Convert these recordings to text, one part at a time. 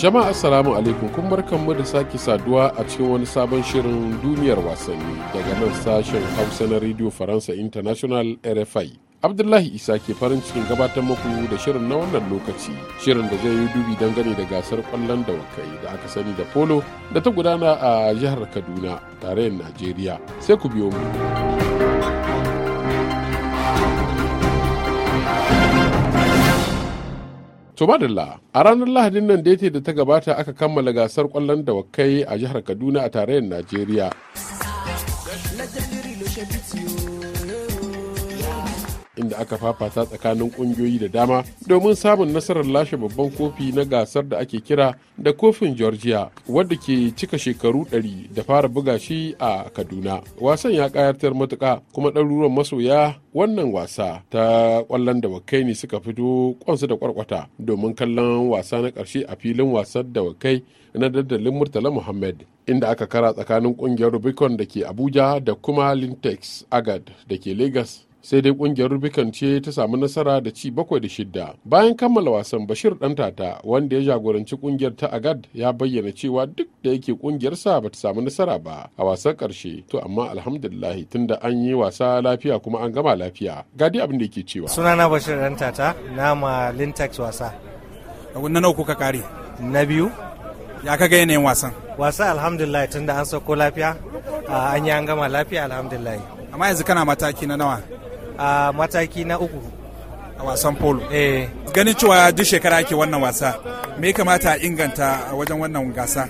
Jama'a Assalamu alaikum kun mu da sake saduwa a cikin wani sabon shirin duniyar wasanni daga nan sashen Hausa na Radio Faransa International RFI. Abdullahi Isa ke farin cikin gabatar muku da shirin na wannan lokaci, shirin da zai yi dubi dangane da gasar kwallon da wakai da aka sani da polo da ta gudana a jihar Kaduna, tarayyar Najeriya. Sai ku biyo mu. To madalla a ranar Lahadin nan da da ta gabata aka kammala gasar kwallon da wakai a jihar Kaduna a tarayyar Najeriya. inda aka fafata tsakanin kungiyoyi da dama domin samun nasarar lashe babban kofi na gasar da ake kira da kofin georgia wadda ke cika shekaru 100 da fara buga shi a kaduna wasan ya kayatar matuka kuma ɗaruruwan masoya wannan wasa ta kwallon da wakai ne suka fito kwansu da kwarkwata domin kallon wasa na ƙarshe a filin wasan da wakai na daddalin murtala muhammad inda aka kara tsakanin kungiyar rubicon da ke abuja da kuma lintex agad da ke lagos sai dai kungiyar rubikan ce ta samu nasara da ci bakwai da shidda bayan kammala wasan bashir dan tata wanda ya jagoranci kungiyar ta agad ya bayyana cewa duk da yake kungiyarsa ba ta samu nasara ba a wasan karshe to amma alhamdulillah tunda an yi wasa lafiya kuma an gama lafiya gadi abin da yake cewa sunana bashir dan tata na ma lintax wasa na nawa kuka kare na biyu ya kaga yanayin wasan wasa alhamdulillah tunda an sauko lafiya an yi an gama lafiya alhamdulillah amma yanzu kana mataki na nawa a mataki na uku a wasan polo eh ganin cewa duk shekara ake wannan wasa me ya kamata a inganta a wajen wannan gasa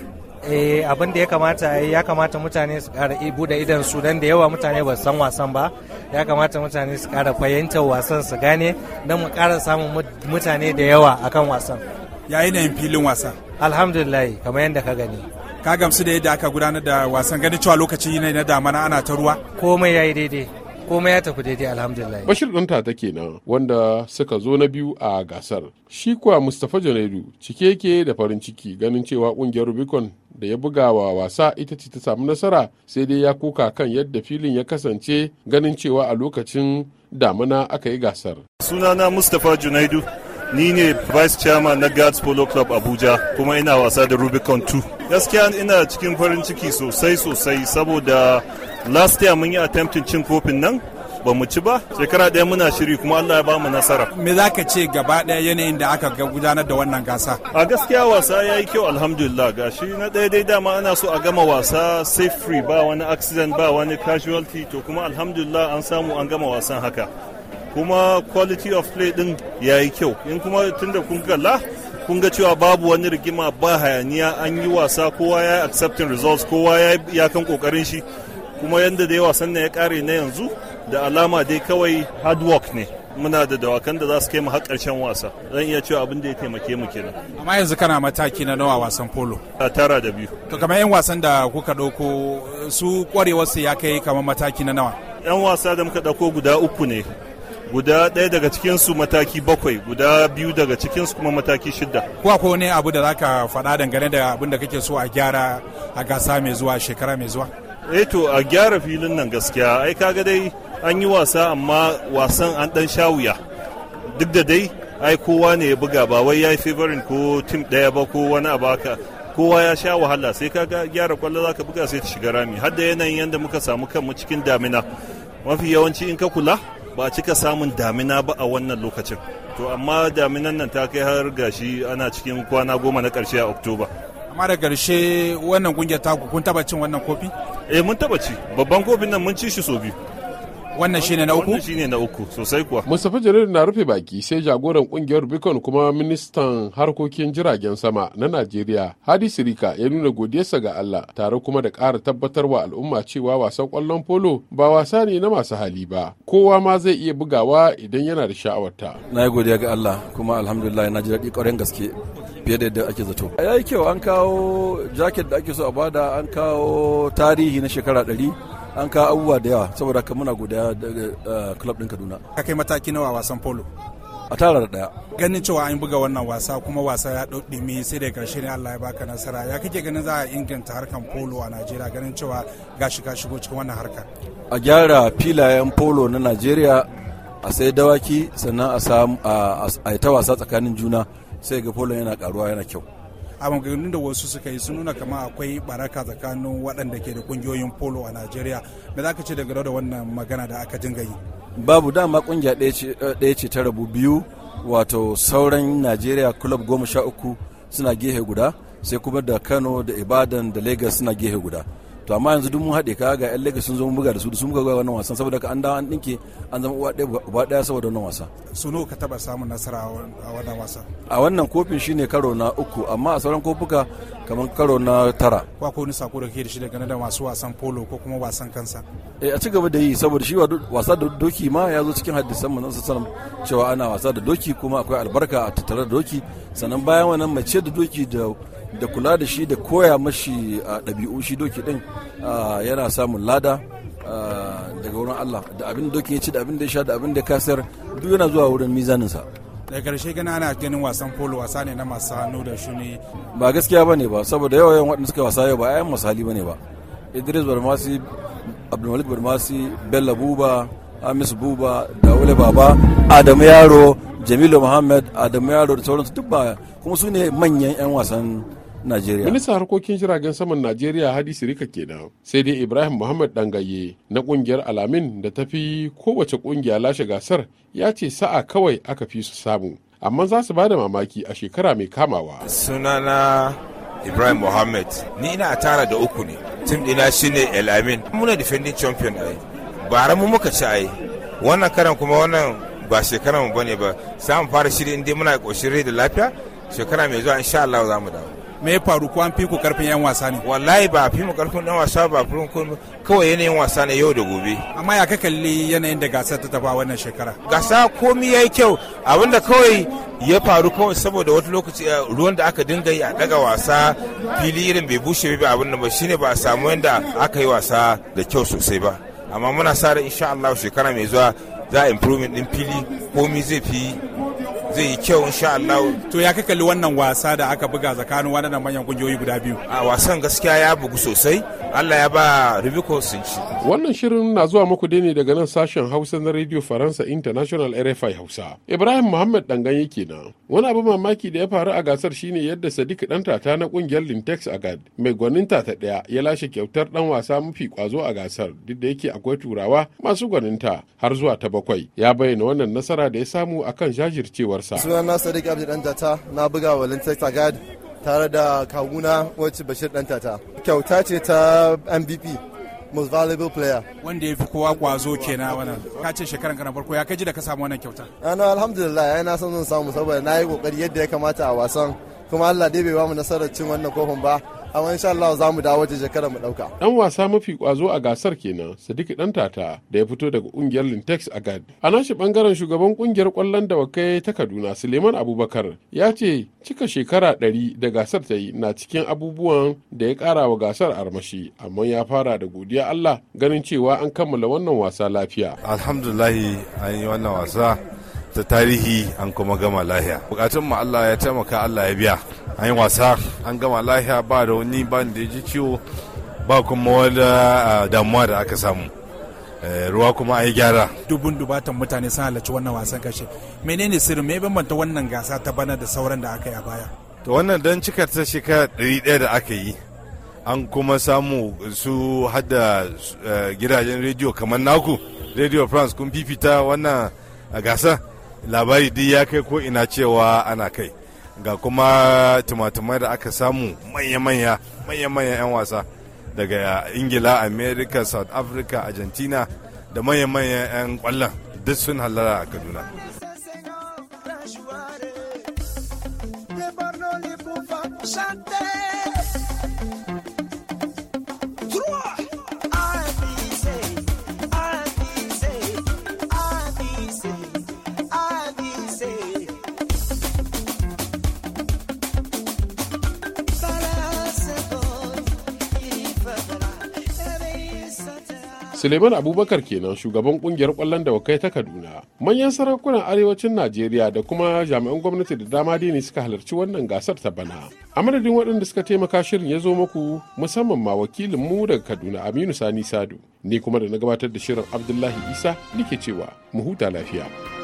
eh abin da ya kamata ya kamata mutane su kara bude idan su dan da yawa mutane ba san wasan ba ya kamata mutane su kara fahimtar wasan su gane don mu kara samun mutane da yawa akan wasan yayi yin filin wasa alhamdulillah kamar yadda ka gani ka gamsu da yadda aka gudanar da wasan ganin cewa lokaci ne na damana ana ta ruwa komai yayi daidai komai ya tafi daidai alhamdulillah bashir ɗinta ta kenan wanda suka zo na biyu a gasar shi kuwa mustapha janairu cike yake da farin ciki ganin cewa ƙungiyar rubicon da ya buga wa wasa ita ce ta samu nasara sai dai ya kuka kan yadda filin ya kasance ganin cewa a lokacin damuna aka yi gasar sunana mustapha junaidu ni ne vice chairman na guards polo club abuja kuma ina wasa da rubicon 2 gaskiya ina cikin farin ciki sosai sosai saboda last year mun yi attempting cin kofin nan ba mu ci ba shekara ɗaya muna shiri kuma Allah ya ba mu nasara. Me za ka ce gaba ɗaya yanayin da aka gudanar da wannan gasa? A gaskiya wasa ya yi kyau alhamdulillah gashi na ɗaya dai dama ana so a gama wasa safe free ba wani accident ba wani casualty to kuma alhamdulillah an samu an gama wasan haka. Kuma quality of play din ya yi kyau in kuma tunda kun kalla kun ga cewa babu wani rigima ba hayaniya an yi wasa kowa ya accepting results kowa ya kan kokarin shi kuma yadda da yawa sannan ya kare na yanzu da alama dai kawai hard work ne muna da dawakan da za su kai mu har ƙarshen wasa zan iya cewa abin da ya taimake mu kenan amma yanzu kana mataki na nawa wasan polo a tara da biyu to kamar yan wasan da kuka ɗauko su su ya kai kamar mataki na nawa yan wasa da muka ɗauko guda uku ne guda ɗaya daga cikinsu mataki bakwai guda biyu daga cikinsu kuma mataki shidda ko ko ne abu da zaka faɗa dangane da abin da kake so a gyara a gasa mai zuwa shekara mai zuwa eto eh to a gyara filin nan gaskiya ai kaga dai an yi wasa amma wasan an dan wuya duk da dai ai kowa ne ya buga ba wai yayi favorin ko tim daya ba ko wani abu haka kowa ya sha wahala sai ka gyara kwallo za ka buga sai ta shiga rami har da yanayin yadda muka samu kanmu cikin damina mafi yawanci in ka kula ba a cika samun damina ba a wannan lokacin to amma daminan nan ta kai har gashi ana cikin kwana goma na karshe a oktoba amma da karshe wannan kungiyar ta kun taba cin wannan kofi eh mun taba ci babban kofin nan mun ci shi so biyu wannan shine na uku shine na uku sosai kuwa Mustapha Jalil na rufe baki sai jagoran kungiyar Bicon kuma ministan harkokin jiragen sama na Najeriya Hadi Sirika ya nuna godiyarsa ga Allah tare kuma da ƙara tabbatarwa al'umma cewa wasan kwallon polo ba wasa ne na masu hali ba kowa ma zai iya bugawa idan yana da sha'awarta na yi godiya ga Allah kuma alhamdulillah na ji daɗi ƙwarin gaske fiye da yadda ake zato a yayi kyau an kawo jaket da ake so a bada an kawo tarihi na shekara ɗari an kawo abubuwa da yawa saboda ka muna godiya da eh, club ɗin kaduna ka kai mataki nawa wasan polo a tara da daya ganin cewa an buga wannan wasa kuma wasa ya ɗumi sai da karshe ne Allah ya baka nasara ya kake ganin za a inganta harkan polo a Najeriya ganin cewa gashi ka shigo cikin wannan harkar a gyara filayen polo na Najeriya a sai dawaki sannan a yi ta wasa tsakanin juna sai ga polin yana karuwa yana kyau a maganganun da wasu suka yi sun nuna kama akwai baraka tsakanin waɗanda ke da kungiyoyin polo a najeriya me za ka ce daga da wannan magana da aka dinga yi babu dama kungiya eh, ɗaya ce ta rabu biyu wato sauran najeriya club goma sha uku suna gehe guda sai kuma da kano da ibadan da lagos suna gehe guda to amma yanzu duk mun haɗe ka ga yan Lagos sun zo mun buga da su sun buga wannan wasan saboda ka an dawo an ɗinke an zama uwa ɗaya uba ɗaya saboda wannan wasa su nawa ka taɓa samun nasara a wannan wasa a wannan kofin shine karo na uku amma a sauran kofuka kamar karo na tara ko ko ni sako da ke da shi daga da masu wasan polo ko kuma wasan kansa eh a ci gaba da yi saboda shi wasa da doki ma ya zo cikin hadisan manzon sallallahu cewa ana wasa da doki kuma akwai albarka a tattare da doki sannan bayan wannan mace da doki da da kula da shi da koya mashi a ɗabi'u shi doki ɗin yana samun lada daga wurin Allah da abin doki ya ci da abin da ya sha da abin da kasar duk yana zuwa wurin mizaninsa daga karshe gana ana ganin wasan polo wasa ne na masu hannu da shuni ba gaskiya ba ne ba saboda yawa yawan waɗanda suka wasa yau ba ayan misali ba ne ba idris barmasi abdulmalik barmasi bello buba Amis buba dawule baba adamu yaro jamilu muhammad adamu yaro da sauransu duk ba kuma su ne manyan 'yan wasan Najeriya. Ministan harkokin jiragen saman Najeriya Hadi Sirika kenan. Sai dai Ibrahim Muhammad Dangaye na kungiyar Alamin da ta fi kowace kungiya lashe gasar ya ce sa'a kawai aka fi su samu. Amma za su bada mamaki a shekara mai kamawa. Sunana Ibrahim Muhammad ni ina tara da uku ne. Tim shi shine Alamin. Muna defending champion ai. Bara mu muka ci ai. Wannan karan kuma wannan ba shekaran mu bane ba. Samun fara shiri inda muna ƙoshin rai da lafiya shekara mai zuwa insha Allah za mu dawo. me ya faru ko an fi ku karfin yan wasa ne wallahi ba fi mu karfin yan wasa ba furun ko kawai yanayin wasa ne yau da gobe amma ya ka kalli yanayin da gasar ta tafa wannan shekara gasa komi yayi kyau abinda kawai ya faru kawai saboda wata lokaci eh, ruwan da aka dinga yi a daga wasa fili irin bai bushe ba abin nan ba shine ba a samu yanda aka yi wasa da kyau sosai ba amma muna sa ran insha Allah shekara mai zuwa za a improvement din fili komi zai fi zai yi kyau insha Allah. To ya ka kalli wannan wasa da aka buga tsakanin waɗannan manyan kungiyoyi guda biyu? A wasan gaskiya ya bugu sosai. Allah ya ba Rubiko sun ci. Wannan shirin na zuwa muku dai ne daga nan sashen Hausa na Radio Faransa International RFI Hausa. Ibrahim Muhammad yake nan Wani abu mamaki da ya faru a gasar shine yadda Sadiq dan tata na kungiyar Lintex Agad mai gwanin tata daya ya lashe kyautar dan wasa mafi kwazo a gasar duk da yake akwai turawa masu gwaninta har zuwa ta bakwai. Ya bayyana wannan nasara da ya samu akan jajircewar rayuwarsa. na Sadiq Abdi tata na buga wa Lantarki tagad tare da kawuna wacce Bashir tata Kyauta ce ta MVP most valuable player wanda ya fi kowa kwazo kenan wannan ka ce shekaran ka na farko ya kaji da ka samu wannan kyauta ana alhamdulillah ai na san zan samu saboda na yi kokari yadda ya kamata a wasan kuma Allah dai bai ba mu nasarar cin wannan kofin ba amma sha Allah za mu dawo wata shekara mu dauka ɗan wasa mafi kwazo a gasar kenan Sadiq dan tata da ya fito daga ƙungiyar Lintex a Gad a nashi bangaren shugaban ƙungiyar kwallon da wakai ta Kaduna Suleiman Abubakar ya ce cika shekara ɗari da gasar ta yi na cikin abubuwan da ya ƙara wa gasar armashi amma ya fara da godiya Allah ganin cewa an kammala wannan wasa lafiya alhamdulillah an yi wannan wasa ta tarihi an kuma gama lahiya bukatun mu Allah ya taimaka Allah ya biya an yi wasa an gama lahiya ba da wani ba da ji ciwo ba kuma wani ah, damuwa da aka samu eh, ruwa kuma a yi gyara dubun dubatan mutane sun halarci wannan wasan kashe menene sirri me bambanta wannan gasa ta bana da sauran da aka yi a baya to wannan don cika ta shekara 100 da aka yi an kuma samu su hada eh, gidajen rediyo kamar naku rediyo france kun fifita wannan gasa labari duk ya kai ko ina cewa ana kai ga kuma tumatumai da aka samu manya-manya manya-manya 'yan wasa daga ingila america south africa argentina da manya-manya 'yan kwallon duk sun hallara a kaduna Shante! Suleiman Abubakar kenan shugaban kungiyar kwallon da wakai ta Kaduna. Manyan sarakunan arewacin Najeriya da kuma jami'an gwamnati da dama ne suka halarci wannan gasar ta bana. A madadin waɗanda suka taimaka shirin ya zo muku musamman ma wakilin mu daga Kaduna Aminu Sani sadu Ni kuma da na gabatar da shirin Abdullahi Isa nike cewa mu huta lafiya.